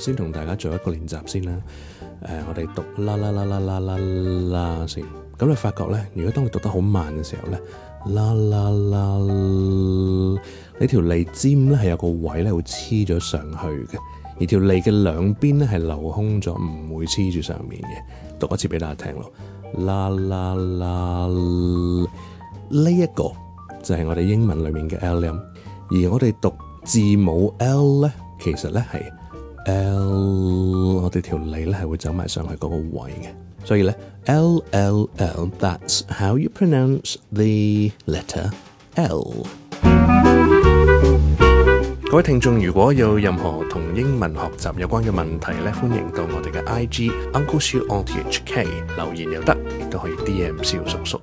先同大家做一個練習先啦。誒，我哋讀啦啦啦啦啦啦先。咁你發覺咧，如果當你讀得好慢嘅時候咧，啦啦啦，你條脷尖咧係有個位咧會黐咗上去嘅，而條脷嘅兩邊咧係留空咗，唔會黐住上面嘅。讀一次俾大家聽咯，啦啦啦，呢一個就係我哋英文裡面嘅 L 音，而我哋讀字母 L 咧，其實咧係。L，我哋條脷咧係會走埋上去嗰個位嘅，所以咧 L L L，that's how you pronounce the letter L。各位聽眾如果有任何同英文學習有關嘅問題咧，歡迎到我哋嘅 I G Uncle Siu on T H K 留言又得，亦都可以 D M 小叔叔。